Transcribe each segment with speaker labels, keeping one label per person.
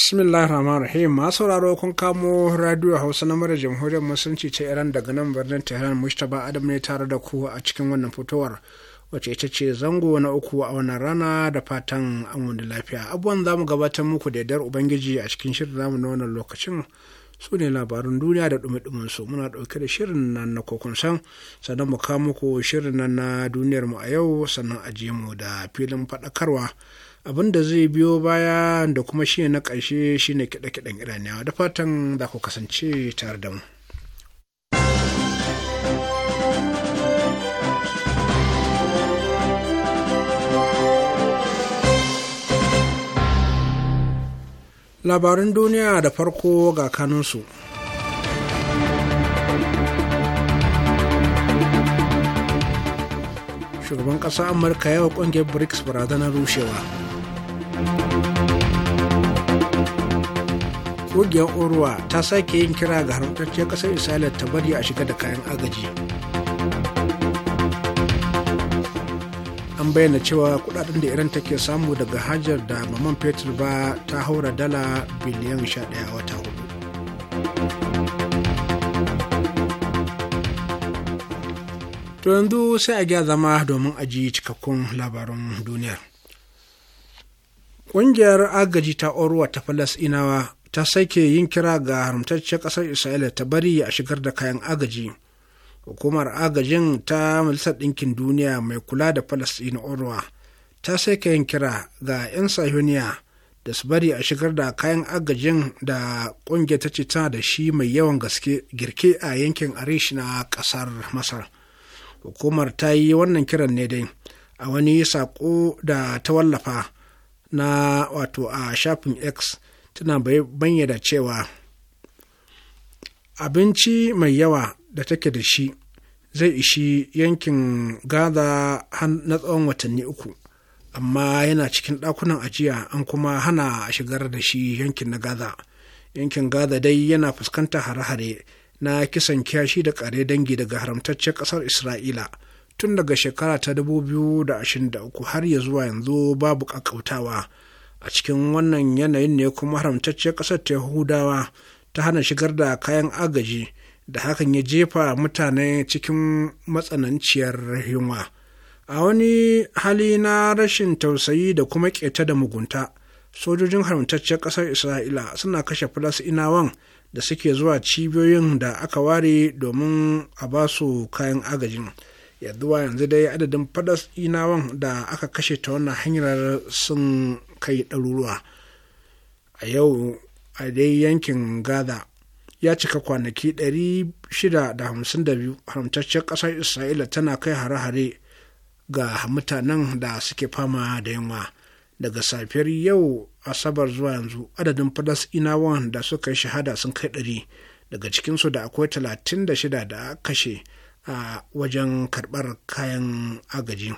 Speaker 1: bismillah rahman rahim ma sauraro kun kamo radio hausa na mara jamhuriyar musulunci ta iran daga nan birnin tehran mustapha adam ne tare da ku a cikin wannan fitowar wacce ita ce zango na uku a wannan rana da fatan an wani lafiya abubuwan za mu gabatar muku da yadda ubangiji a cikin shirin zamu na wannan lokacin su ne labarun duniya da dumi su muna ɗauke da shirin nan na kokon san sannan mu kawo muku shirin nan na duniyar mu a yau sannan a mu da filin faɗakarwa abin da zai biyo baya da kuma shi na ƙarshe shine kiɗe-kiɗen iraniyawa da fatan za ku kasance tare da mu labarin duniya da farko ga kanunsu shugaban ƙasa amurka yawa ƙungiyar brics barazanar rushewa ƙungiyar orwa ta sake yin kira ga haramtacciyar ƙasar isra'ila ta bari a shiga da kayan agaji an bayyana cewa kudaden da iran take samu daga hajar da maman fetur ba ta haura dala biliyan 11 a wata hudu to yanzu sai a gya zama domin a ji cikakkun labarin duniyar ƙungiyar agaji ta orwa ta falasinawa ta sake yin kira ga haramtacciyar ƙasar isra'ila ta bari a shigar da kayan agaji hukumar agajin ta majalisar ɗinkin duniya mai kula da falasɗin orwa ta sake yin kira ga 'yan sahuniya da su bari a shigar da kayan agajin da ƙungiyar ta ce tana da shi mai yawan gaske girke a yankin arish na ƙasar masar hukumar ta yi wannan kiran ne dai a wani sako da ta wallafa na wato a shafin x tana bayyana cewa abinci mai yawa da take da shi zai ishi yankin gaza na tsawon watanni uku amma yana cikin ɗakunan ajiya an kuma hana a shigar da shi yankin na gaza yankin gaza dai yana fuskantar hare-hare na kisan kyashi da kare dangi daga haramtaccen ƙasar isra'ila tun daga shekara ta 2023 har ya zuwa yanzu babu ƙaƙƙautawa a cikin wannan yanayin ne kuma haramtacciyar ƙasar ta yahudawa ta hana shigar da kayan agaji da hakan ya jefa mutane cikin matsananciyar yunwa a wani hali na rashin tausayi da kuma keta da mugunta sojojin haramtacciyar ƙasar isra'ila suna kashe falas-inawan da suke zuwa cibiyoyin da aka ware domin a ba su kayan agajin yaduwa yanzu dai adadin falasinawan da aka kashe ta wannan hanyar sun kai ɗaruruwa a yau a dai yankin gaza ya cika kwanaki 652 haramtaccen ƙasar isra'ila tana kai hare-hare ga mutanen da suke fama da yunwa daga safiyar yau asabar zuwa yanzu adadin falasɗinawan da suka yi shahada sun kai ɗari daga cikinsu da akwai 36 da kashe a wajen karɓar kayan agaji.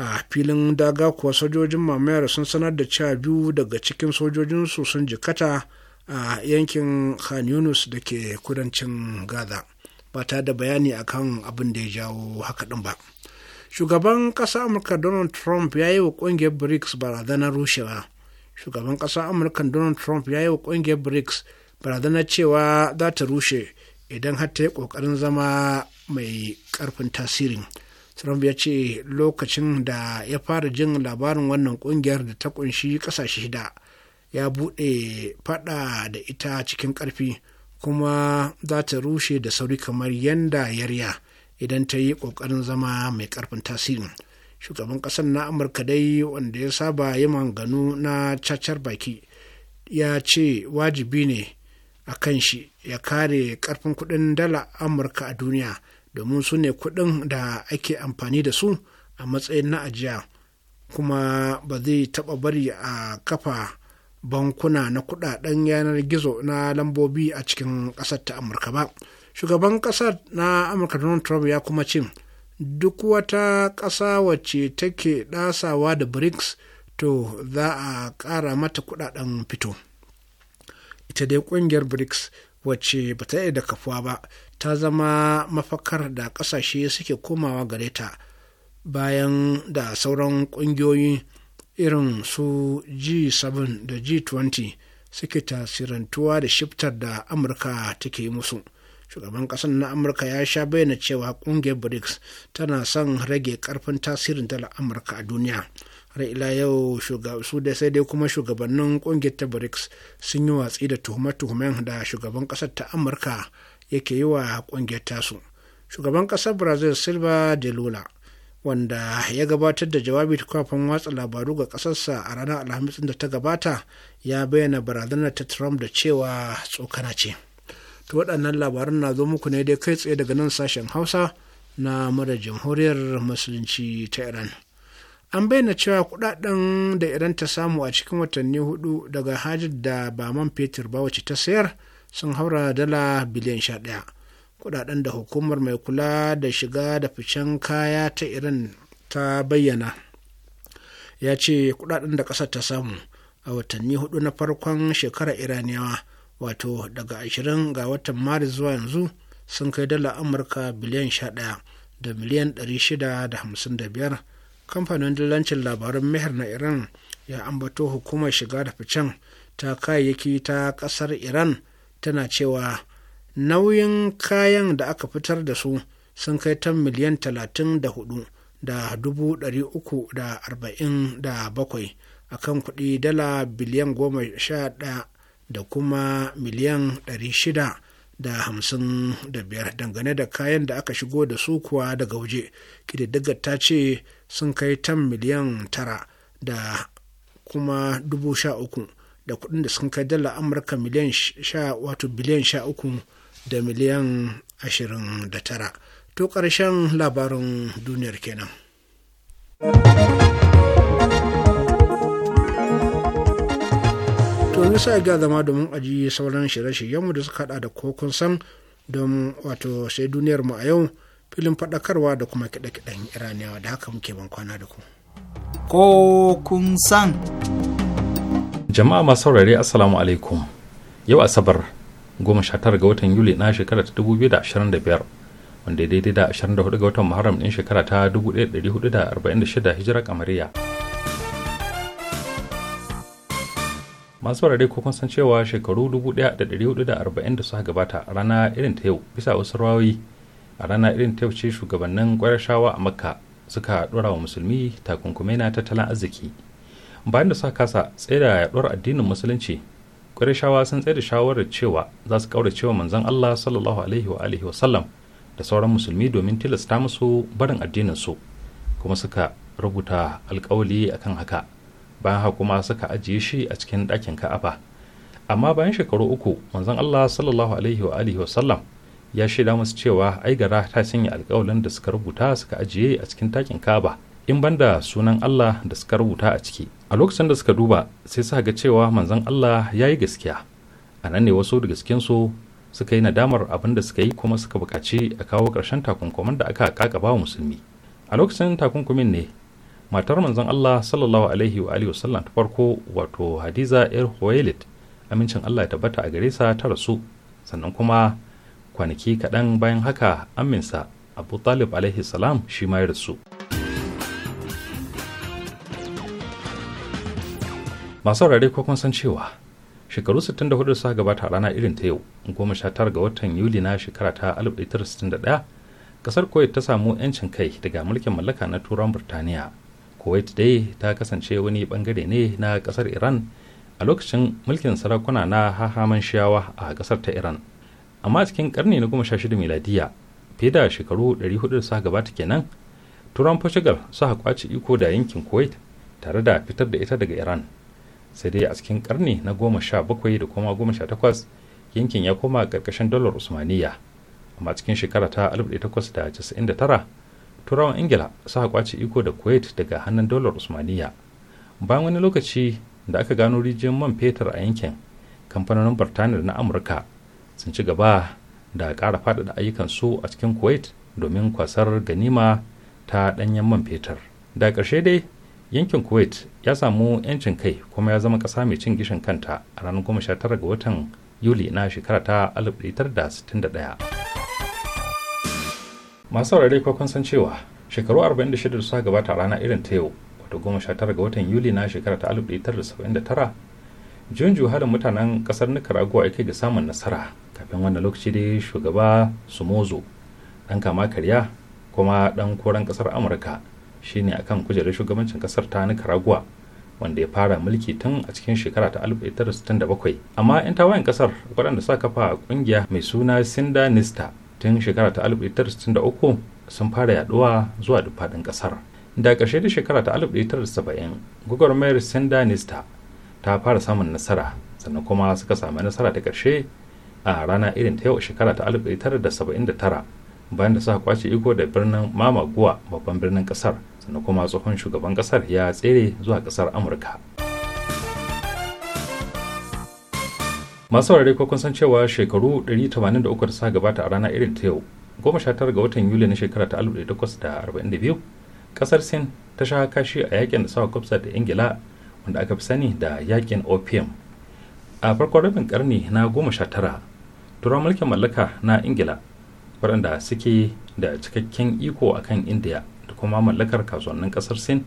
Speaker 1: a filin daga kuwa sojojin mamayar sun sanar da cewa biyu daga cikin sojojin su sun jikata a yankin khan yunus da ke kudancin gaza ba ta da bayani akan abin da ya jawo haka din ba shugaban ƙasa amurka donald trump ya yi wa ƙungiyar brics barazanar rushewa shugaban ƙasa amurka donald trump ya yi wa ƙungiyar brics barazanar cewa za ta rushe idan har ta yi ƙoƙarin zama mai ƙarfin tasirin trump ya ce lokacin da ya fara jin labarin wannan kungiyar da ta kunshi kasashe shida ya bude fada da ita cikin karfi kuma za ta rushe da sauri kamar yanda yarya idan ta yi kokarin zama mai karfin tasirin shugaban ƙasar na amurka dai wanda ya saba yi manganu na cacar baki ya ce wajibi ne a kan shi ya kare karfin kudin dala amurka a duniya domin su ne kuɗin da ake amfani da su a matsayin na ajiya kuma ba zai taɓa bari a kafa bankuna na kuɗaɗen yanar gizo na lambobi a cikin ƙasar ta amurka ba shugaban ƙasar na amurka donald trump ya kuma ce duk wata ƙasa wacce take ɗasawa da brics to za a ƙara mata kuɗaɗen fito ita dai ƙungiyar brics wacce ba ta da kafuwa ba ta zama mafakar da ƙasashe suke komawa gare ta bayan da sauran ƙungiyoyi irin su g7 da g20 suke tasirantuwa da shiftar da amurka take musu shugaban ƙasar na amurka ya sha bayyana cewa ƙungiyar brics tana son rage ƙarfin tasirin dala amurka a duniya har ila yau su da sai dai kuma shugabannin ƙungiyar ta brics sun yi watsi da tuhume-tuhumen da shugaban ƙasar ta amurka yake yi wa ƙungiyar tasu shugaban ƙasar brazil silva de lula wanda ya gabatar da jawabi ta kafin watsa labaru ga ƙasarsa a ranar alhamis da ta gabata ya bayyana barazanar ta trump da cewa tsokana ce to waɗannan labaran na zo muku ne dai kai tsaye daga nan sashen hausa na mara jamhuriyar musulunci ta iran an bayyana cewa kudaden da iran ta samu a cikin watanni hudu daga hajjar da ba man fetur ba wacce ta sayar sun haura dala biliyan ɗaya kudaden da hukumar mai kula da shiga da ficen kaya ta iran ta bayyana ya ce kudaden da ƙasar ta samu a watanni hudu na farkon shekarar iraniyawa wato daga 20 ga watan maris zuwa yanzu sun kai dala amurka biliyan sha ɗaya da miliyan shida da da hamsin biyar. kamfanin dillancin labarun mihar na iran ya ambato hukumar shiga da ficen ta kayayyaki ta ƙasar iran tana cewa nauyin kayan da aka fitar da su sun kai tan miliyan talatin da hudu da dubu dari uku da arba'in da bakwai a kan kuɗi dala biliyan goma sha ɗaya da kuma miliyan ɗari shida da hamsin da biyar dangane da kayan da aka shigo da su kuwa daga waje ƙididdigar ta ce sun kai tan miliyan tara da kuma dubu sha uku da kuɗin da sun kai dala amurka miliyan sha wato biliyan sha uku da miliyan ashirin da tara to ƙarshen labarin duniyar kenan to sai ga zama domin aji sauran shirye-shiryenmu da suka hada da kokun san don wato sai duniyar mu a yau filin faɗakarwa da kuma kiɗe-kiɗen
Speaker 2: iraniyawa da haka muke ban kwana da ku kokun kun san
Speaker 3: jama'a masu saurare assalamu alaikum yau asabar 19 ga watan yuli na shekara ta 2025 wanda daidai da 24 ga watan muharram din shekara ta 1446 hijira kamariya masu saurare ko kun san cewa shekaru 1440 da suka gabata a rana irin ta yau bisa wasu rawayi a rana irin ta yau ce shugabannin kwarashawa a makka suka dora wa musulmi takunkumai na tattalin arziki bayan da suka kasa tsaye da yaduwar addinin musulunci ƙurashawa sun tsaye da shawarar cewa za su kaurace wa manzon Allah sallallahu alaihi wa sallam da sauran musulmi domin tilasta musu barin addinin su kuma suka rubuta alkawali akan haka bayan haka kuma suka ajiye shi a cikin ɗakin ka'aba amma bayan shekaru uku manzon Allah sallallahu alaihi wa sallam ya shaida musu cewa ai gara ta sanya alkawalin da suka rubuta suka ajiye a cikin takin kaba in da sunan Allah da suka rubuta a ciki a lokacin da suka duba sai suka ga cewa manzon Allah ya yi gaskiya a nan ne wasu daga su suka yi nadamar abin da suka yi kuma suka buƙaci a kawo ƙarshen takunkumin da aka kaka ba musulmi a lokacin takunkumin ne matar manzon Allah sallallahu alaihi wa alihi wasallam ta farko wato Hadiza yar Huwailid amincin Allah ya tabbata a gare sa ta rasu sannan kuma kwanaki kaɗan bayan haka aminsa Abu Talib alaihi salam shi ma ya rasu masu saurare ko kun san cewa shekaru 64 suka gabata rana irin ta yau goma sha ga watan yuli na shekara ta 1961 kasar kuwait ta samu 'yancin kai daga mulkin mallaka na turan burtaniya kuwait dai ta kasance wani bangare ne na kasar iran a lokacin mulkin sarakuna na hahaman shiyawa a kasar ta iran amma cikin karni na goma sha shida miladiya fiye da shekaru 400 suka gabata kenan turan portugal suka kwace iko da yankin kuwait tare da fitar da ita daga iran sai dai a cikin karni na goma sha bakwai da kuma goma sha takwas yankin ya koma ƙarƙashin dalar usmaniya amma cikin shekara ta da da casa'in tara turawan ingila suka kwace iko da kuwait daga hannun dalar usmaniya bayan wani lokaci da aka gano rijiyar man fetur a yankin kamfanonin birtaniya na amurka sun ci gaba da ƙara faɗaɗa ayyukan su a cikin kuwait domin kwasar ganima ta ɗanyen man fetur da ƙarshe dai yankin kuwait ya samu 'yancin kai kuma ya zama ƙasa mai cin gishin kanta a ranar 19 ga watan yuli na shekara ta 1961 masu saurare kwakwan san cewa shekaru 46 da suka gabata rana irin ta yau wato 19 ga watan yuli na shekara ta 1979 juyin juhalin mutanen kasar nicaragua ya kai ga samun nasara kafin wannan lokaci dai shugaba somozo dan kama karya kuma dan koren kasar amurka shine akan kujerar shugabancin kasar ta nicaragua wanda ya fara mulki tun a cikin shekara ta 1967 amma 'yan tawayen kasar waɗanda suka kafa kungiya mai suna sinda nista tun shekara ta 1963 sun fara yaduwa zuwa duk faɗin kasar da ƙarshe da shekara ta 1970 gwagwarmayar sinda nista ta fara samun nasara sannan kuma suka sami nasara ta ƙarshe a rana irin ta yau shekara ta 1979 bayan da suka kwace iko da birnin mamaguwa babban birnin kasar sannan kuma tsohon shugaban kasar ya tsere zuwa kasar amurka masu saurare ko kun san cewa shekaru 183 da suka gabata a rana irin ta yau 19 ga watan yuli na shekara ta 1842 kasar sin ta sha kashi a yakin da suka kwafsa da ingila wanda aka fi sani da yakin opium a farkon rabin karni na 19 turan mulkin mallaka na ingila waɗanda suke da cikakken iko a kan indiya da kuma mallakar kasuwannin ƙasar sin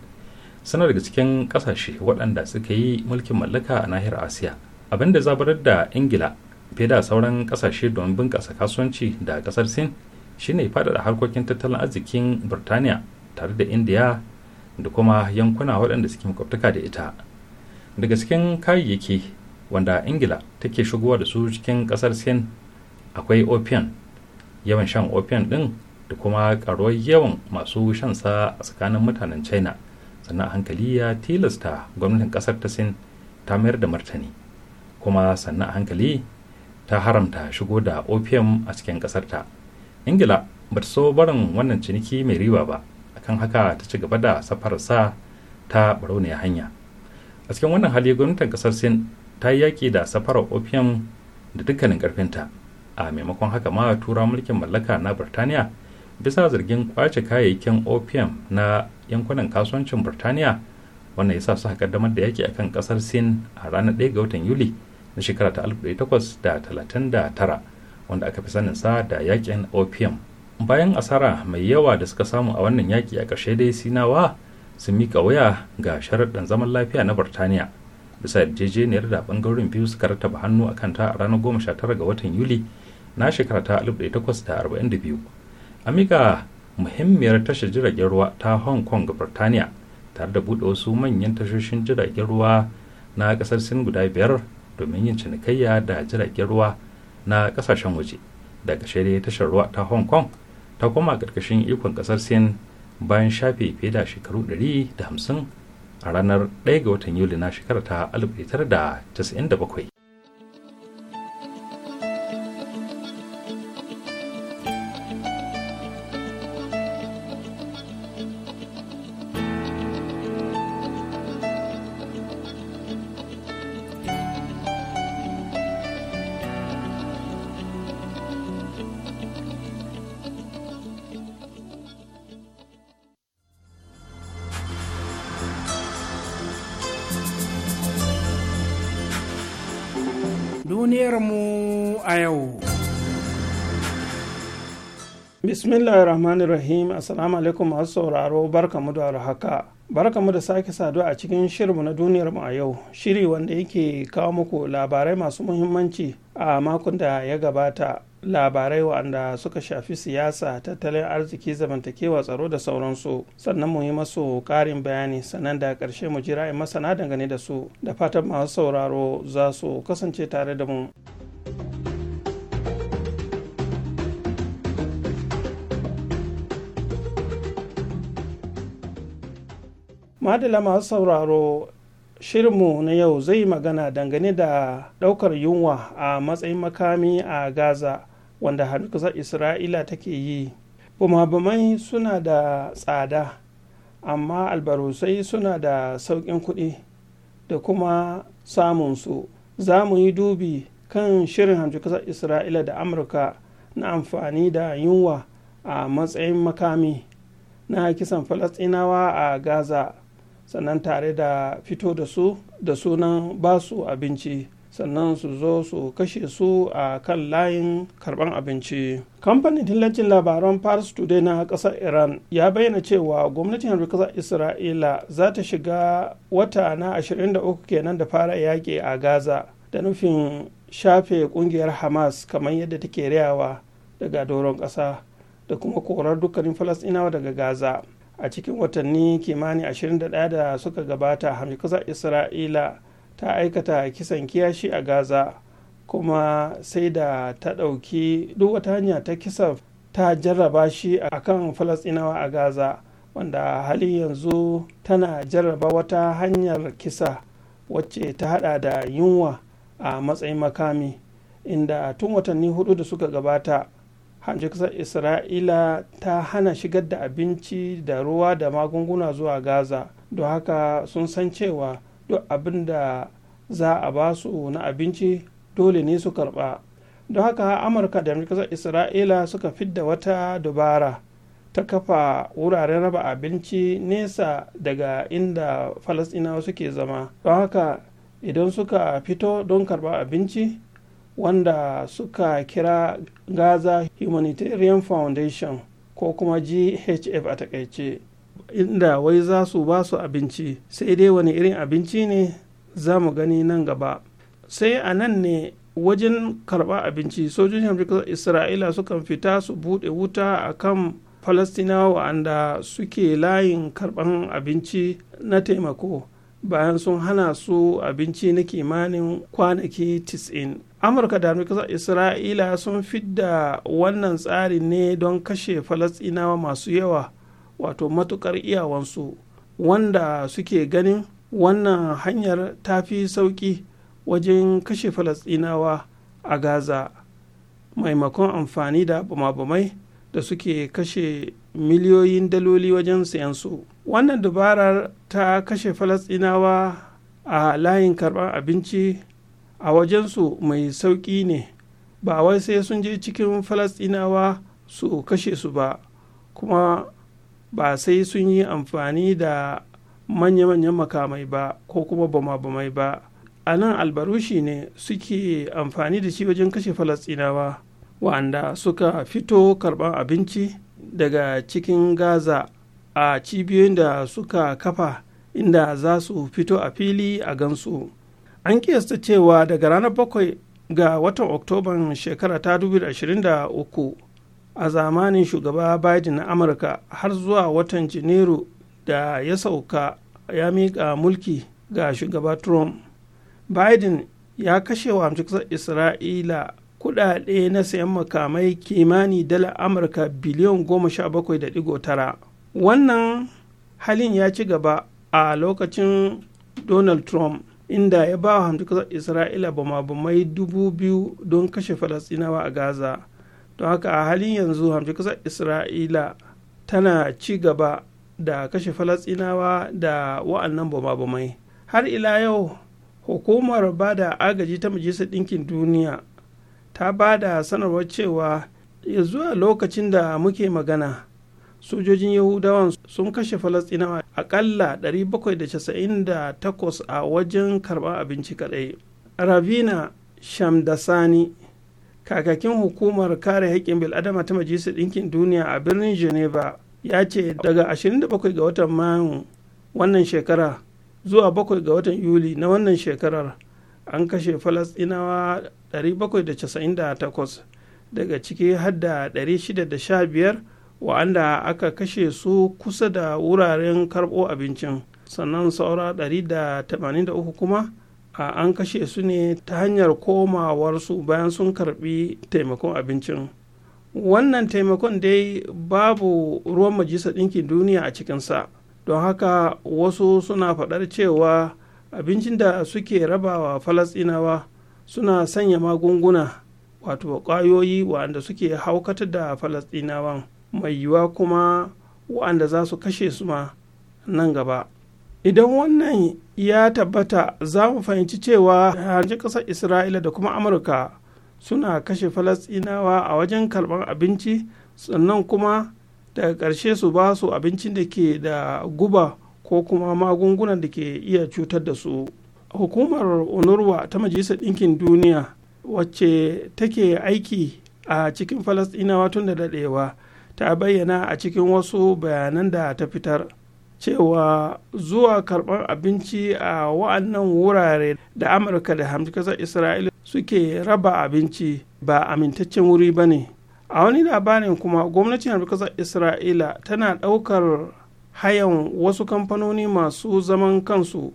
Speaker 3: suna daga cikin ƙasashe waɗanda suka yi mulkin mallaka a nahiyar asiya abin da zabarar da ingila fiye da sauran ƙasashe don bunƙasa kasuwanci da ƙasar sin shine faɗaɗa harkokin tattalin arzikin birtaniya tare da indiya da kuma yankuna waɗanda suke makwabtaka da ita daga cikin kayayyaki wanda ingila take shigowa da su cikin ƙasar sin akwai opium yawan shan opium din da kuma karuwar yawan masu shansa a tsakanin mutanen china sannan hankali ya tilasta gwamnatin kasar ta sin ta mayar da martani kuma sannan hankali ta haramta shigo da opium a cikin kasar ta ingila ba ta so barin wannan ciniki mai riba ba akan haka ta ci gaba da sa ta barauniya hanya a cikin wannan hali gwamnatin kasar sin ta yi yaki da safarar opium da dukkanin ƙarfinta a maimakon haka ma tura mulkin mallaka na birtaniya bisa zargin kwace kayayyakin opium na yankunan kasuwancin birtaniya wannan yasa suka kaddamar da yaki kan kasar sin a ranar 1 ga watan yuli na shekara ta 1839 wanda aka fi sanin sa da yakin opium bayan asara mai yawa da suka samu a wannan yaki a ƙarshe dai sinawa sun mika waya ga sharaɗin zaman lafiya na birtaniya bisa yarjejeniyar da ɓangarorin biyu suka rataba hannu a kanta a ranar 19 ga watan yuli na shekara ta 1842 an mika muhimmiyar tashar jiragen ruwa ta hong kong ga birtaniya tare da buɗe wasu manyan tashoshin jiragen ruwa na ƙasar sin guda biyar domin yin cinikayya da jiragen ruwa na ƙasashen waje daga shirya tashar ruwa ta hong kong ta koma ƙarƙashin ikon ƙasar sin bayan shafe fiye da shekaru 150 a ranar 1 ga watan yuli na shekara ta 1997
Speaker 1: duniyarmu a yau.
Speaker 4: Bismillahir Rahmanir Rahim Assalamu alaikum masu sauraro barka barkamu da haka. mu da sake saduwa a cikin shirinmu na duniyarmu a yau, shiri wanda yake kawo muku labarai masu muhimmanci a makon da ya gabata labarai waɗanda suka shafi siyasa tattalin arziki zamantakewa tsaro da sauransu sannan mu yi masu ƙarin bayani sannan da ƙarshe mu jira in masana dangane da su da fatan masu sauraro za su kasance tare da mu. madala masu sauraro shirinmu na yau zai magana dangane da ɗaukar yunwa a matsayin makami a gaza wanda hannun isra'ila take yi bumabumai suna da tsada amma albarusai suna da sauƙin kuɗi da kuma samunsu za mu yi dubi kan shirin hannukasar isra'ila da amurka na amfani da yunwa a matsayin makami na kisan falasɗinawa a gaza sannan tare da fito da su da sunan basu abinci sannan su zo su kashe su a kan layin karban abinci kamfanin dillacin labaran paris today na kasar iran ya bayyana cewa gwamnatin kasar isra'ila za ta shiga wata na 23 kenan da fara yaƙi a gaza da nufin shafe ƙungiyar hamas kamar yadda take rayawa daga doron ƙasa da kuma korar dukkanin falasɗinawa daga gaza a cikin watanni kimani 21 da suka gabata kusa isra'ila ta aikata kisan kiyashi a gaza kuma sai da ta ɗauki duk wata hanya ta kisa ta jarraba shi a kan falasɗinawa a gaza wanda halin yanzu tana jarraba wata hanyar kisa wacce ta hada da yunwa a matsayin makami inda tun watanni hudu da suka gabata hancin kasar isra'ila ta hana shigar da abinci da ruwa da magunguna zuwa gaza don haka sun san cewa duk abin da za a ba su na abinci dole ne su karba don haka amurka da kasar isra'ila suka fidda wata dubara ta kafa wuraren raba abinci nesa daga inda falasɗinawa suke zama don haka idan suka fito don karba abinci wanda suka kira gaza humanitarian foundation ko kuma ghf a takaice inda wai za su ba su abinci sai dai wani irin abinci ne za mu gani nan gaba sai a nan ne wajen karɓar abinci sojojin amurka isra'ila sukan fita su buɗe wuta a kan falastinawa wanda suke layin karɓar abinci na taimako bayan sun hana su abinci na kimanin kwanaki 90 amurka da kasar isra'ila sun fidda wannan tsari ne don kashe falasɗinawa masu yawa wato matukar iyawansu wanda suke ganin wannan hanyar ta fi sauƙi wajen kashe falasɗinawa a gaza maimakon amfani da bama-bamai da suke kashe miliyoyin daloli wajen sayan su wannan dabarar ta kashe falasɗinawa a layin karɓar abinci a wajensu mai sauƙi ne ba wai sai sun je cikin falasɗinawa su kashe su ba kuma ba sai sun yi amfani da manya-manyan makamai ba ko kuma bama-bamai ba a nan albarushi ne suke amfani da shi wajen kashe falasɗinawa wa'anda suka fito karɓar abinci daga cikin gaza a cibiyoyin da suka kafa inda za su fito a fili a gansu an kiyasta cewa daga ranar bakwai ga watan oktoban shekara ta 2023 a zamanin shugaba biden na amurka har zuwa watan janairu da ya sauka ya miƙa mulki ga shugaba trump biden ya kashe wa amsar isra'ila Kudade na sayan makamai kimani dala amurka biliyon goma sha bakwai da digo tara wannan halin ya ci gaba a lokacin donald trump inda ya ba wa hamdukasar isra'ila bama-bamai dubu biyu don kashe falastinawa a gaza don haka a halin yanzu hamdukasar isra'ila tana ci gaba da kashe falastinawa da wa'annan bama-bamai har ila yau hukumar ba da agaji ta majalisar ɗinkin duniya ta ba da sanarwar cewa ya zuwa lokacin da muke magana sojojin yahudawan sun kashe falastinawa akalla 798 a wajen karɓar abinci kadai ravina shamdasani kakakin hukumar kare haƙƙin bil'adama ta majalisar ɗinkin duniya a birnin geneva ya ce daga 27 ga watan mayun wannan shekara zuwa 7 ga watan yuli na wannan shekarar an kashe falasɗinawa 798 daga ciki hadda 615 wa'anda aka kashe su kusa da wuraren karɓo abincin sannan saura 183 kuma a an kashe su ne ta hanyar komawarsu bayan sun karɓi taimakon abincin wannan taimakon dai babu ruwan majisa ɗinkin duniya a cikinsa don haka wasu suna faɗar cewa abincin da suke rabawa falasɗinawa suna sanya magunguna wato ƙwayoyi waɗanda suke haukata da falasɗinawa mai yiwuwa kuma waɗanda za su kashe su ma nan gaba idan wannan ya tabbata za mu fahimci cewa harji ƙasar isra'ila da kuma amurka suna kashe falasɗinawa a wajen karɓar abinci sannan kuma daga ƙarshe su ba su abincin da ke da guba ko kuma magungunan da ke iya cutar da su hukumar onurwa ta majalisar ɗinkin duniya wacce take aiki a cikin falasɗinawa tun da daɗewa ta bayyana a cikin wasu bayanan da ta fitar cewa zuwa karɓar abinci a wa'annan wurare da amurka da hamdukasar isra'ila suke raba abinci ba amintaccen wuri ba ne a wani labarin kuma gwamnatin hamdukasar isra'ila tana ɗaukar hayan wasu kamfanoni masu zaman kansu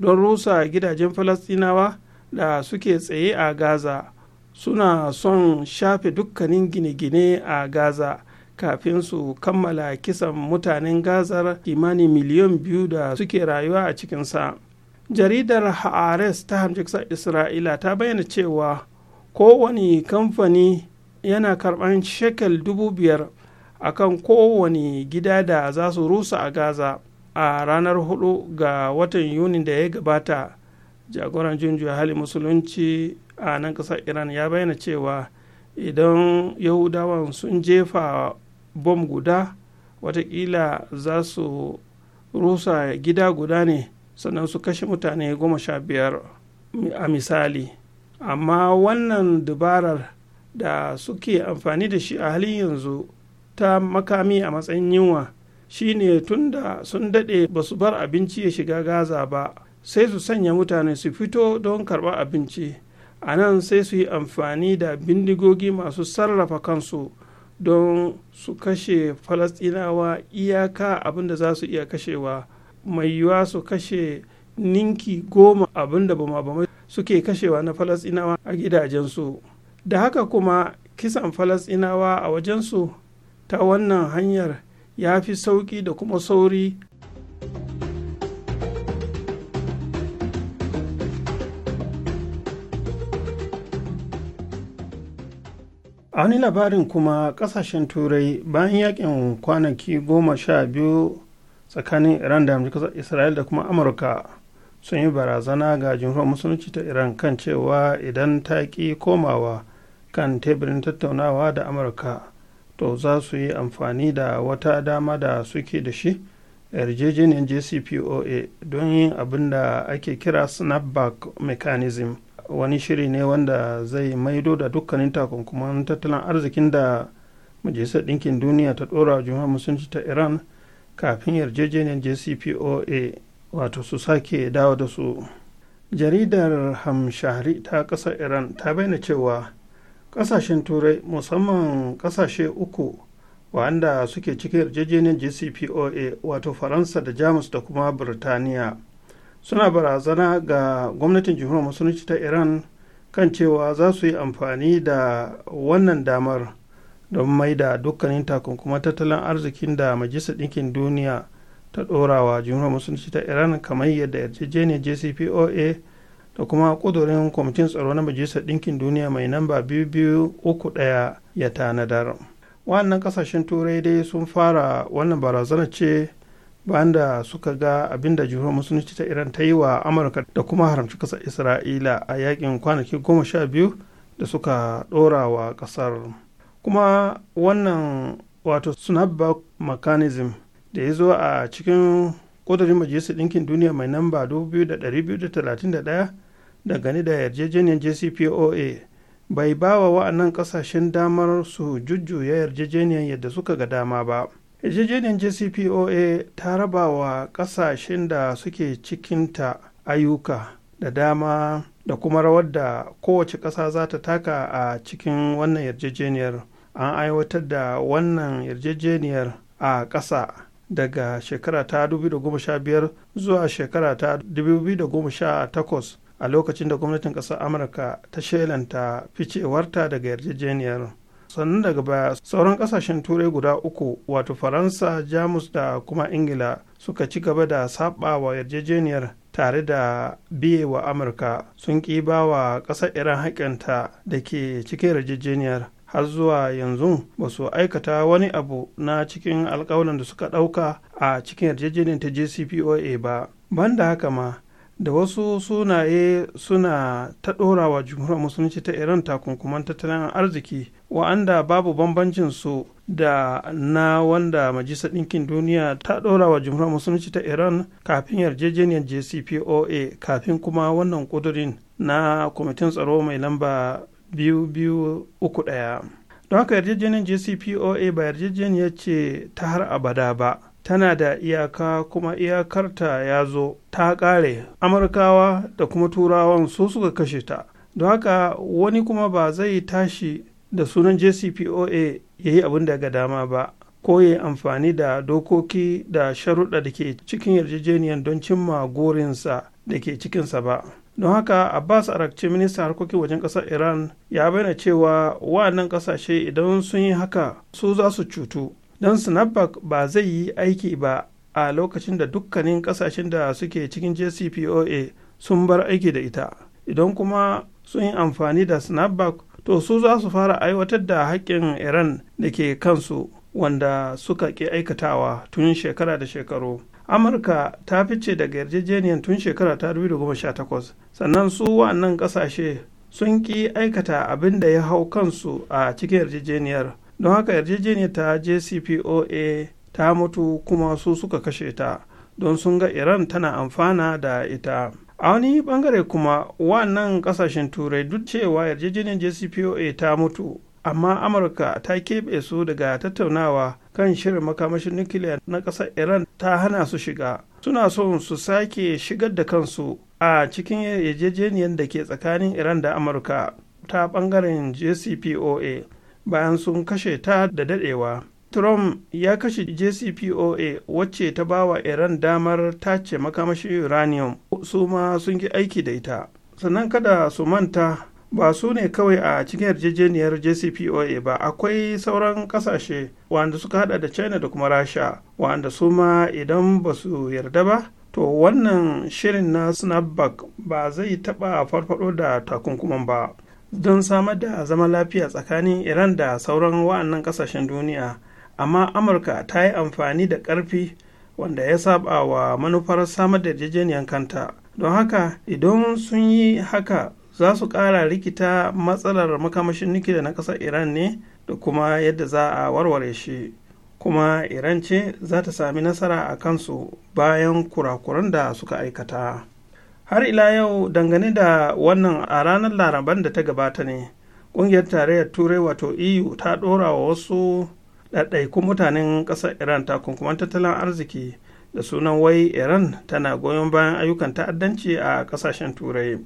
Speaker 4: don rusa gidajen falastinawa da suke tsaye a gaza suna son shafe dukkanin gine-gine a gaza kafin su kammala kisan mutanen gazar kimanin miliyan biyu da suke rayuwa a cikinsa jaridar haares ta hamjiksa isra'ila ta bayyana cewa kowane kamfani yana karɓar shekel dubu biyar akan kowane gida da za su rusa a gaza a ranar hudu ga watan yuni da ya gabata jagoran junjiya hali musulunci a nan ƙasar iran ya bayyana cewa idan yahudawa sun jefa bom guda watakila za su rusa gida guda ne sannan su kashe mutane goma sha biyar a misali amma wannan dabarar da suke amfani da shi a halin yanzu ta makami a matsayin yunwa shine da sun daɗe ba su bar abinci ya shiga gaza ba sai su sanya mutane su fito don karɓar abinci a nan sai su yi amfani da bindigogi masu sarrafa kansu don su kashe falastinawa iyaka abinda za su iya kashewa mai yiwuwa su kashe ninki goma abinda bama suke kashewa na falastinawa a gidajensu da haka kuma kisan falastinawa a wajensu ta wannan hanyar ya fi sauƙi da kuma sauri a wani labarin kuma kasashen turai bayan yakin kwanaki goma sha biyu tsakanin iran da amurka isra'il da kuma amurka sun yi barazana ga jumhuriyar musulunci ta iran kan cewa idan ta ƙi komawa kan teburin tattaunawa da amurka to za su yi amfani da wata dama da suke da shi yarjejeniyar jcpoa don yin abin da ake kira snapback mechanism wani shiri ne wanda zai maido da dukkanin takunkuman tattalin arzikin da majalisar ɗinkin duniya ta ɗora juma musulunci ta iran kafin yarjejeniyar jcpoa wato su sake dawo da su jaridar hamshari ta ƙasar iran ta bayyana cewa kasashen turai musamman kasashe uku wanda suke cikin yarjejeniyar jcpoa wato faransa da jamus da kuma birtaniya suna barazana ga gwamnatin jihunar musulunci ta iran kan cewa za su yi amfani da wannan damar don mai da dukkanin takunkuma tattalin arzikin da majalisar ɗinkin duniya ta ɗorawa jihunar musulunci ta iran kamar yadda yarjejeniyar jcpoa da kuma kudurin kwamitin tsaro na majalisar ɗinkin duniya mai namba 2231 ya tanadar wannan kasashen turai dai sun fara wannan barazana ce bayan da suka ga abin da jihuwar musulunci ta iran ta yi wa amurka da kuma haramci kasar isra'ila a yakin kwanaki goma sha biyu da suka ɗora wa kasar kuma wannan wato snapback mechanism da ya zo a cikin kudurin majalisar ɗinkin duniya mai namba 2231 dangane da yarjejeniyar jcpoa bai ba wa wa'annan kasashen damar su jujjuya yarjejeniyar yadda suka ga dama ba yarjejeniyar jcpoa ta raba wa kasashen da suke cikinta ayyuka da dama da kuma rawar da kowace ƙasa za ta taka a cikin wannan yarjejeniyar an aiwatar da wannan yarjejeniyar a ƙasa daga shekara ta 2015 zuwa shekara ta 2018 a lokacin da gwamnatin ƙasar amurka ta shelanta ficewarta daga yarjejeniyar sannan daga baya sauran ƙasashen turai guda uku wato faransa jamus da kuma ingila suka ci gaba da saba wa yarjejeniyar tare da biye wa amurka sun ƙi ba wa ƙasar iran haƙƙinta da ke cikin yarjejeniyar har zuwa yanzu ba su aikata wani abu na cikin alkawalin da suka ɗauka a cikin yarjejeniyar ta jcpoa ba banda haka ma da wasu sunaye suna ta ɗora wa jumhuriyar musulunci ta iran takunkuman tattalin arziki wa'anda babu bambancin su da na wanda majalisar ɗinkin duniya ta ɗorawa wa jumhuriyar musulunci ta iran kafin yarjejeniyar jcpoa kafin kuma wannan ƙudurin na kwamitin tsaro mai lamba biyu biyu uku ɗaya don haka yarjejeniyar jcpoa ba yarjejeniyar ce ta har abada ba tana da iyaka kuma iyakarta ya zo ta ƙare amurkawa da kuma turawan su suka kashe ta don haka wani kuma ba zai tashi da sunan jcpoa ya yi abin daga dama ba ko ya amfani da dokoki da sharuɗa da ke cikin yarjejeniyar don cimma gorinsa da ke cikinsa ba don haka abbas arakci ministan harkokin wajen ƙasar iran ya bayyana cewa nan ƙasashe idan sun yi haka su za su cutu don snapback ba zai yi aiki ba a lokacin da dukkanin kasashen da suke cikin jcpoa sun bar aiki da ita idan kuma sun yi amfani da snapback to su za su fara aiwatar da haƙƙin iran da ke kansu wanda suka ƙi aikatawa tun shekara da shekaru amurka ta fice daga yarjejeniyar tun shekara ta 2018 sannan su wannan ƙasashe sun ƙi aikata abin da ya hau kansu a cikin yarjejeniyar don haka yarjejeniyar ta jcpoa ta mutu kuma su suka kashe ta don sun ga iran tana amfana da ita a wani bangare kuma wannan kasashen turai duk cewa yarjejeniyar jcpoa ta mutu amma amurka ta keɓe su daga tattaunawa kan shirin makamashin nukiliya na ƙasar iran ta hana su shiga suna so su sake shigar da kansu a cikin yarjejeniyar da ke tsakanin iran da amurka ta ɓangaren jcpoa bayan sun kashe ta da dadewa trump ya kashe jcpoa wacce ta bawa iran damar tace makamashin uranium su ma sun ki aiki da ita sannan kada su manta ba su ne kawai a cikin yarjejeniyar jcpoa ba akwai sauran kasashe wanda suka hada da china da kuma rasha wanda su ma idan ba su yarda ba to wannan shirin na snapback ba zai taba farfado da takunkuman ba don samar da zama lafiya tsakanin iran da sauran wa'annan kasashen duniya amma amurka ta yi amfani da ƙarfi wanda ya saba wa manufar samar da yarjejeniyar kanta don haka idan sun yi haka za su kara rikita matsalar makamashin nukiliya na kasar iran ne da kuma yadda za a warware shi kuma iran ce za ta sami nasara a kansu bayan kurakuran da suka aikata. har ila yau dangane da wannan a ranar laraban da ta gabata ne ƙungiyar tarayyar turai wato eu ta ɗora wa wasu ɗaiɗaikun mutanen ƙasar iran takunkuman tattalin arziki da sunan wai iran tana goyon bayan ayyukan ta'addanci a ƙasashen turai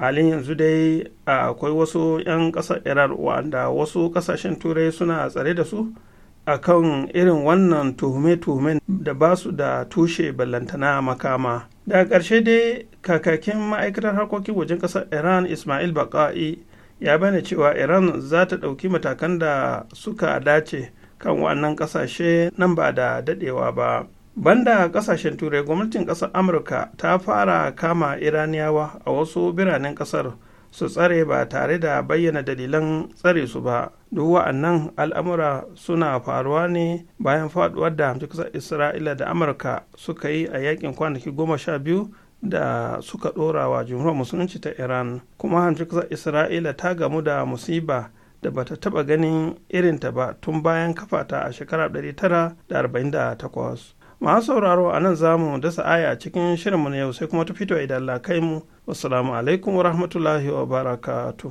Speaker 4: halin yanzu dai akwai wasu 'yan ƙasar iran wanda wasu ƙasashen turai suna tsare da su a kan irin wannan tuhume-tuhumen da ba su da tushe ballantana makama da ƙarshe dai kakakin ma'aikatar harkokin wajen ƙasar iran ismail baka'i ya bane cewa iran za ta ɗauki matakan da suka dace kan wannan ƙasashe nan ba da daɗewa ba banda ƙasashen turai gwamnatin ƙasar amurka ta fara kama iraniyawa a wasu biranen ƙasar su tsare ba tare da bayyana dalilan tsare su ba duk wa'annan al'amura suna faruwa ne bayan faduwar da hamsin isra'ila da amurka suka yi a yakin kwanaki goma sha biyu da suka dora wa jumhuriyar musulunci ta iran kuma hamsin isra'ila ta gamu da musiba da bata taba ganin irinta ba tun bayan kafata a shekara 1948 ma sauraro a nan zamu dasa aya cikin shirinmu na yau sai kuma ta fito idan la kai mu wasu alaikum wa rahmatullahi wa barakatuh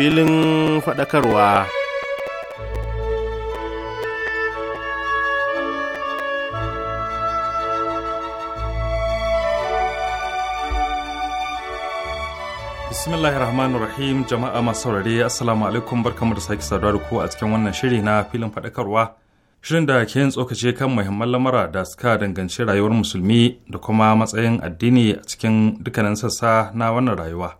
Speaker 4: filin faɗakarwa.
Speaker 3: Bismillahirrahmanirrahim jama'a masu saurare assalamu alaikum barkamu da sake saduwa da ku a cikin wannan shiri na filin faɗakarwa shirin da ke yin tsokace kan muhimman lamura da suka danganci rayuwar musulmi da kuma matsayin addini a cikin dukkanin sassa na wannan rayuwa.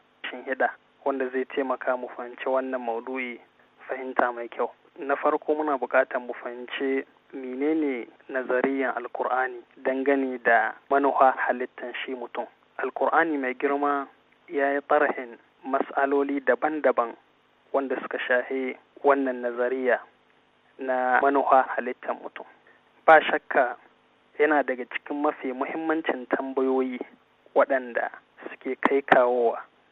Speaker 5: hida wanda zai taimaka mu fahimci wannan maudu'i fahimta mai kyau. Na farko muna buƙatar mu fahimci menene nazariyan alkur'ani dangane da manuha halittan shi mutum. Alkur'ani mai girma ya yi tarihin matsaloli daban-daban wanda suka shahe wannan nazariya na manuha halittan mutum. Ba shakka yana daga cikin mafi muhimmancin tambayoyi waɗanda suke kai kawowa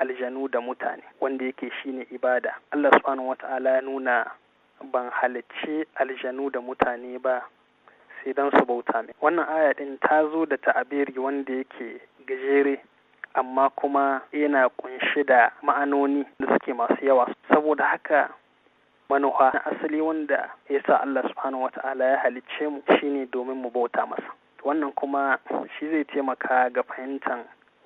Speaker 5: aljanu da mutane wanda yake shine ibada Allah subhanahu wata'ala ya nuna ban halicci aljanu da mutane ba sai dan su bauta min wannan aya din ta zo da ta'abiri wanda yake gajere amma kuma yana kunshi da ma'anoni da suke masu yawa saboda haka manufa na asali wanda ya sa Allah subhanahu wata'ala ya halicce mu shine domin mu bauta masa wannan kuma shi zai taimaka ga fahimtar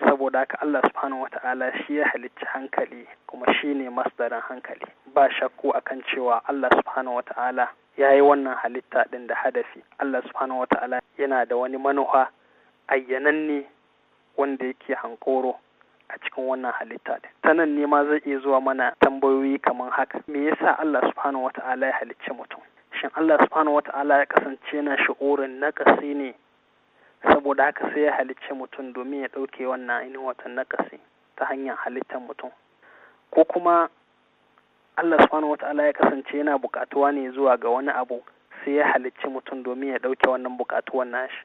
Speaker 5: saboda haka Allah subhanahu ta'ala shi ya halicci hankali kuma shi ne masdarin hankali ba shakku akan cewa Allah subhanahu ta'ala ya yi wannan halitta ɗin da hadafi Allah subhanahu ta'ala yana da wani ayyanan ne wanda yake hankoro a cikin wannan halitta ɗin ta nan ne ma zai iya zuwa mana tambayoyi kamar haka me yasa Allah subhanahu ta'ala ya halicci mutum shin Allah subhanahu ta'ala ya kasance na shi'urin nakasi ne saboda haka sai ya halicci mutum domin ya ɗauke wannan ainihin watan nakasi ta hanyar halittar mutum ko kuma Allah subhanahu wata'ala ya kasance yana bukatuwa ne zuwa ga wani abu sai ya halicci mutum domin ya ɗauke wannan bukatuwan nashi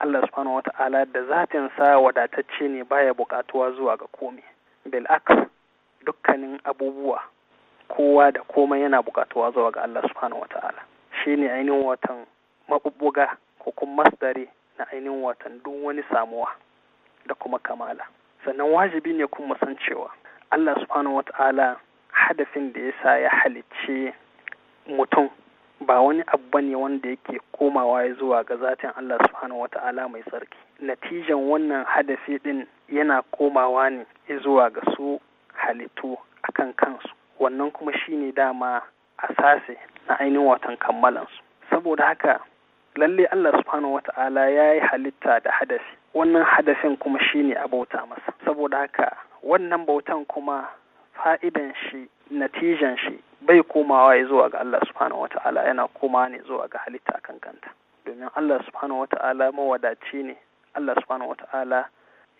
Speaker 5: Allah subhanahu ta'ala da zatinsa wadatacce ne baya bukatuwa zuwa ga komai bil'aks dukkanin abubuwa kowa da komai yana bukatuwa zuwa ga Allah subhanahu wata'ala shi ne ainihin watan maɓuɓɓuga ko kuma masdari na ainihin watan duk wani samuwa da kuma kamala sannan wajibi ne kuma san cewa Allah subhanahu ta'ala hadafin da ya sa ya halicci mutum ba wani abu bane wanda yake komawa zuwa ga zatin Allah subhanahu ta'ala mai tsarki natijan wannan hadafi din yana komawa ne zuwa ga su halittu akan kansu wannan kuma shine dama asase na ainihin watan kammalansu saboda haka lalle Allah subhanahu ta'ala ya yi halitta da hadafi. wannan hadafin kuma shine a bauta masa saboda haka wannan bautan kuma fa'idan shi natijan shi bai komawa ya zuwa ga Allah subhanahu ta'ala yana koma ne zuwa ga halitta kan kanta domin Allah subhanahu ta'ala mawadaci ne Allah subhanahu ta'ala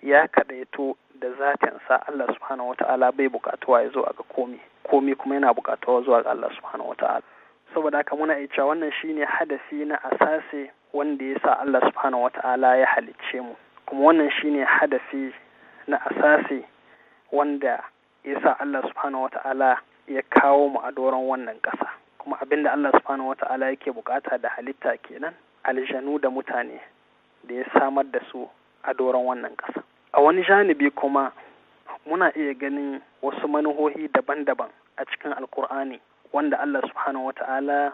Speaker 5: ya kadaito da zatinsa Allah subhanahu ta'ala bai bukatuwa ya zuwa ga komi komi kuma yana bukatuwa zuwa ga Allah subhanahu ta'ala saboda haka muna iya cewa wannan shine hadasi na asase wanda ya sa Allah subhanahu ta'ala ya halicce mu kuma wannan shine hadasi na asasi wanda ya sa Allah subhanahu ta'ala ya kawo mu a doron wannan ƙasa kuma abin da Allah subhanahu wata'ala yake bukata da halitta kenan aljanu da mutane da ya samar da su a doron wannan ƙasa a wani janibi kuma muna iya ganin wasu manuhohi daban-daban a cikin alkur'ani wanda Allah subhanahu wata'ala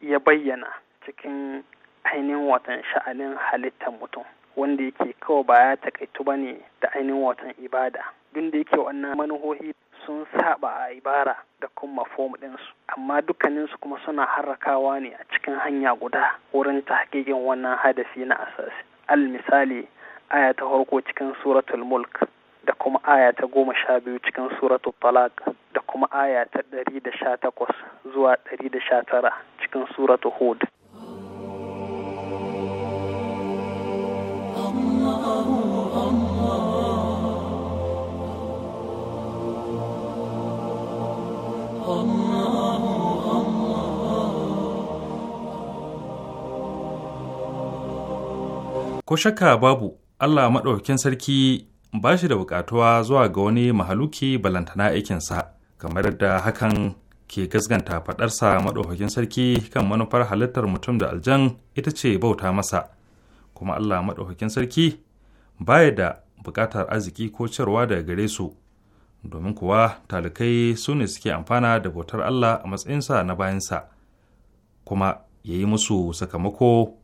Speaker 5: ya bayyana cikin ainihin watan sha'anin halittar mutum wanda yake kawai baya takaitu ba ne da ainihin watan ibada duk da yake wannan manuhohi sun saba a ibara da kuma fom ɗinsu amma dukkaninsu kuma suna harrakawa ne a cikin hanya guda wurin tahqiqin wannan hadasi na asasi al misali aya ta farko cikin suratul mulk da kuma aya ta goma sha biyu cikin suratul talaq da kuma aya ta ɗari da sha takwas zuwa ɗari da sha tara cikin suratul hud
Speaker 3: ko shakka babu Allah maɗaukakin sarki ba shi da buƙatuwa zuwa ga wani mahaluki balantana aikinsa kamar da hakan ke gasganta faɗarsa maɗaukakin sarki kan manufar halittar mutum da aljan ita ce bauta masa kuma Allah maɗaukakin sarki baya da buƙatar arziki ko cirwa daga gare su domin kuwa talikai su ne suke amfana da bautar Allah a matsayinsa na bayansa kuma ya yi musu sakamako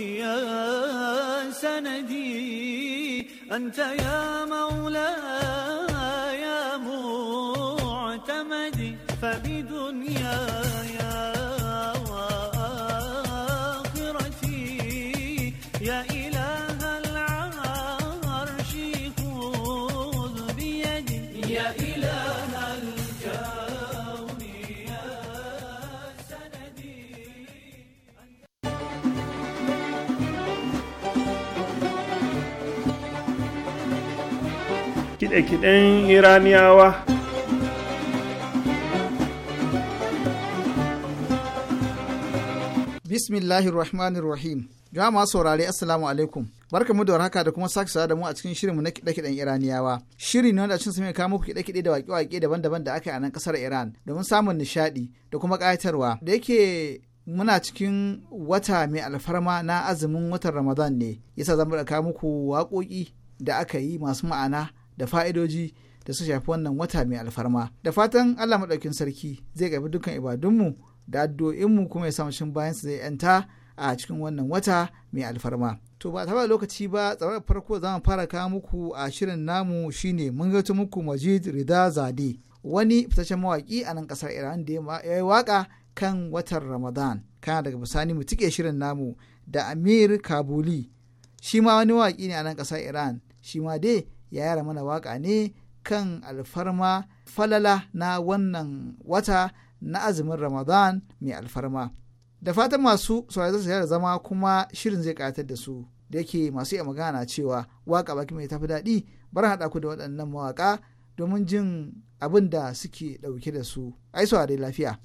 Speaker 6: أنت يا مولاي يا معتمدي فبي
Speaker 4: kiɗe-kiɗen iraniyawa
Speaker 2: bismillahir rahmanir rahim jama'a saurare assalamu alaikum barka mu da warhaka da kuma sake da mu a cikin mu na kiɗe-kiɗen iraniyawa shiri ne wanda cin mai kawo muku kiɗe-kiɗe da waƙe-waƙe daban-daban da aka yi a nan ƙasar iran domin samun nishaɗi da kuma ƙayatarwa da yake muna cikin wata mai alfarma na azumin watan ramadan ne yasa zan kawo muku waƙoƙi da aka yi masu ma'ana da fa'idoji da su shafi wannan wata mai alfarma da fatan allah maɗaukin sarki zai gabi dukkan ibadunmu da addu'o'inmu kuma ya samu shin bayan su zai yanta a cikin wannan wata mai alfarma to ba ta ba lokaci ba tsawar farko za mu fara kawo muku a shirin namu shine mun gato muku majid rida zade wani fitaccen mawaƙi a nan ƙasar iran da ya yi waƙa kan watan ramadan kana daga bisani mu tike shirin namu da amir kabuli shi ma wani waƙi ne a nan ƙasar iran shi ma dai ya yara mana waka ne kan alfarma falala na wannan wata na azumin ramadan mai alfarma da fatan masu saurari su da zama kuma shirin zai katar da su da yake masu iya magana cewa waka baki mai tafi daɗi bar haɗa ku da waɗannan mawaƙa domin jin abin da suke ɗauke da su ai saurari lafiya.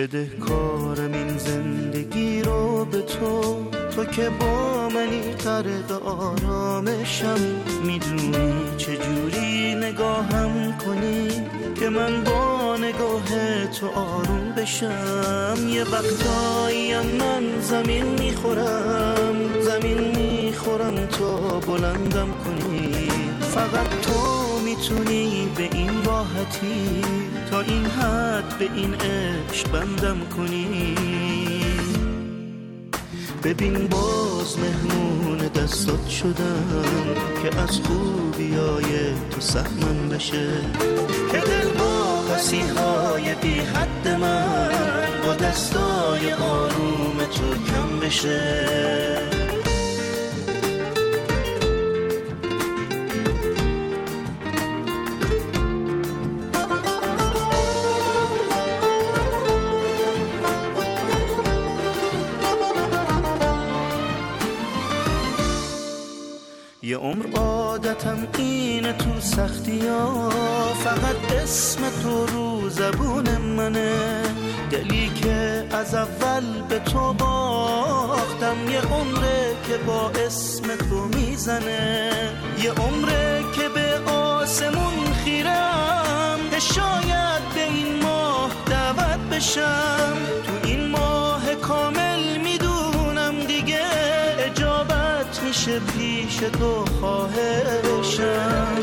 Speaker 7: بده کارم این زندگی رو به تو تو که با منی طرق آرامشم میدونی چجوری نگاهم کنی که من با نگاه تو آروم بشم یه وقتاییم من زمین میخورم زمین میخورم تو بلندم کنی فقط تو میتونی به این راحتی تا این حد به این عشق بندم کنی ببین باز مهمون دستات شدم که از خوبیای تو سهمم بشه که دل با های بی حد من با دستای آروم تو کم بشه به تو باختم یه عمره که با اسم تو میزنه یه عمره که به آسمون خیرم که شاید به این ماه دعوت بشم تو این ماه کامل میدونم دیگه اجابت میشه پیش تو خواهشم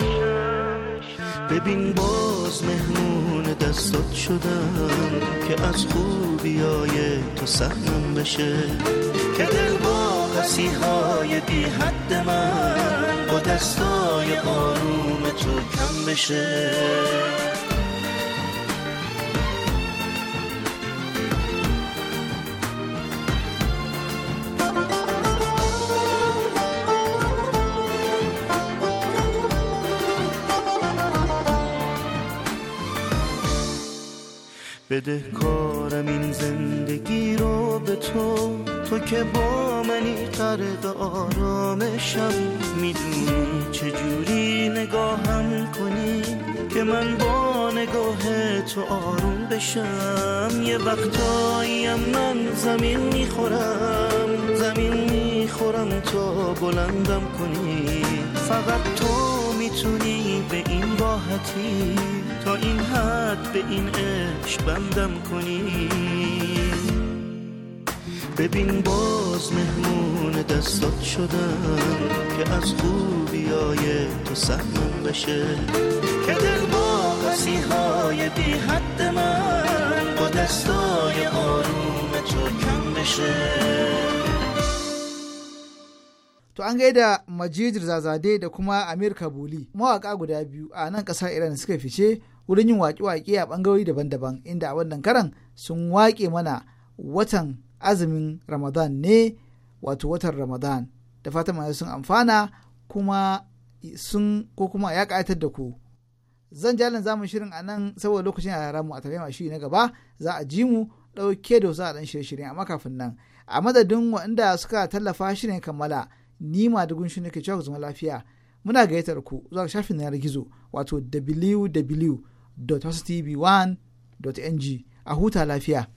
Speaker 7: ببین با باز مهمون دستت شدم که از خوبیای تو سخنم بشه که دل با قصیهای بی حد من با دستای آروم تو کم بشه بده کارم این زندگی رو به تو تو که با منی قرق آرامشم میدونی چجوری نگاهم کنی که من با نگاه تو آروم بشم یه وقتاییم من زمین میخورم زمین میخورم تا بلندم کنی فقط تو میتونی به این راحتی این حد به این عشق بندم کنی ببین باز مهمون دستات شدم که از خوبیای تو سهمم بشه که دل با های بی حد من با دستای
Speaker 8: آروم تو کم بشه
Speaker 2: To an gaida majid rizazade da kuma Amir Kabuli, mawaka guda biyu a nan kasar Iran suka fice wurin yin waƙe-waƙe a ɓangarori daban-daban inda a wannan karan sun waƙe mana watan azumin ramadan ne wato watan ramadan da fatan mai sun amfana kuma sun ko kuma ya ƙayatar da ku zan jalin zamu shirin a nan saboda lokacin a mu a tafiya shi na gaba za a ji mu ɗauke da wasu a ɗan shirye-shirye amma kafin nan a madadin waɗanda suka tallafa shi ne kammala ni ma da shi ne ke cewa zama lafiya muna gayyatar ku zuwa shafin yanar gizo wato www www.hostv1.ng a huta lafiya.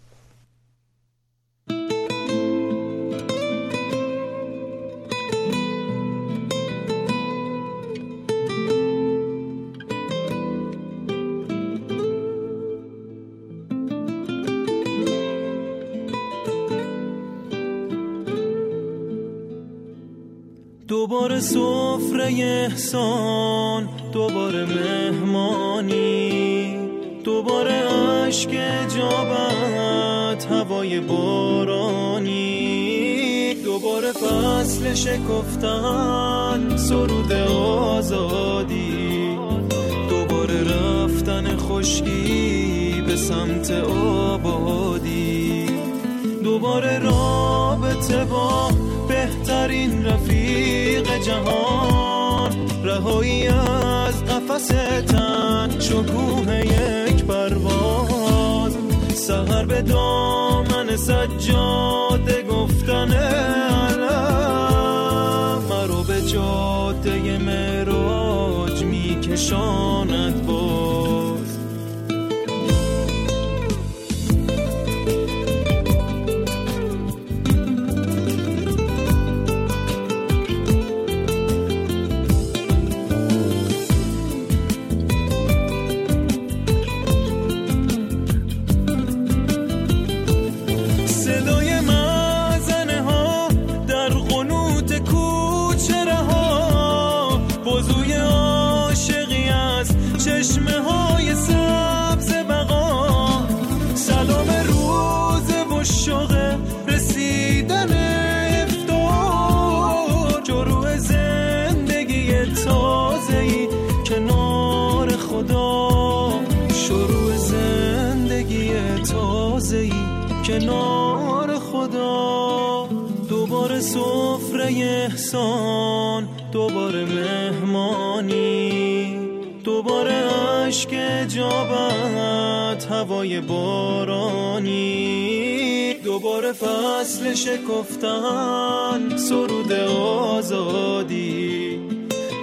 Speaker 9: دوباره سفره احسان دوباره مهمانی دوباره عشق جابت هوای بارانی دوباره فصل شکفتن سرود آزادی دوباره رفتن خشکی به سمت آبادی دوباره رابطه با بهترین رفیق جهان رهایی از قفس تن شکوه سهر به دامن سجاده گفتن علم مرو به جاده مراج میکشاند بود؟ انسان دوباره مهمانی دوباره عشق جابت هوای بارانی دوباره فصل شکفتن سرود آزادی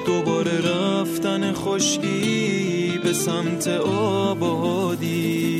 Speaker 9: دوباره رفتن خشکی به سمت آبادی